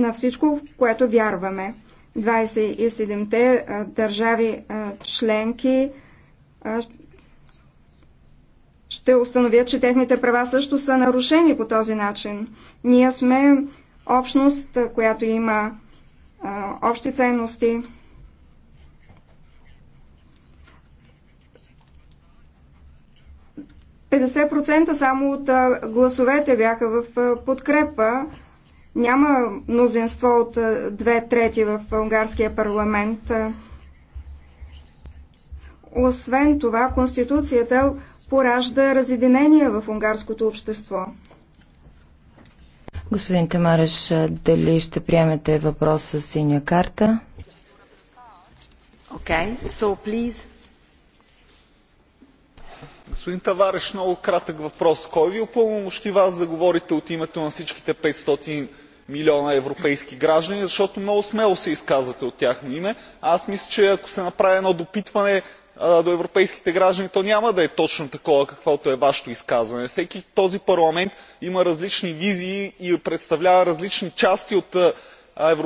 на всичко, в което вярваме. 27-те държави членки ще установят, че техните права също са нарушени по този начин. Ние сме общност, която има общи ценности. само от гласовете бяха в подкрепа няма мнозинство от две трети в унгарския парламент. Освен това, Конституцията поражда разединение в унгарското общество. Господин Тамареш, дали ще приемете въпрос с синя карта? Okay, so please. Господин Тавареш, много кратък въпрос. Кой ви опълномощи е вас да говорите от името на всичките 500 милиона европейски граждани защото много смело се изказвате от тяхно име. аз мисля че ако се направи едно допитване до европейските граждани то няма да е точно такова каквото е вашето изказване. всеки в този парламент има различни визии и представлява различни части от европейския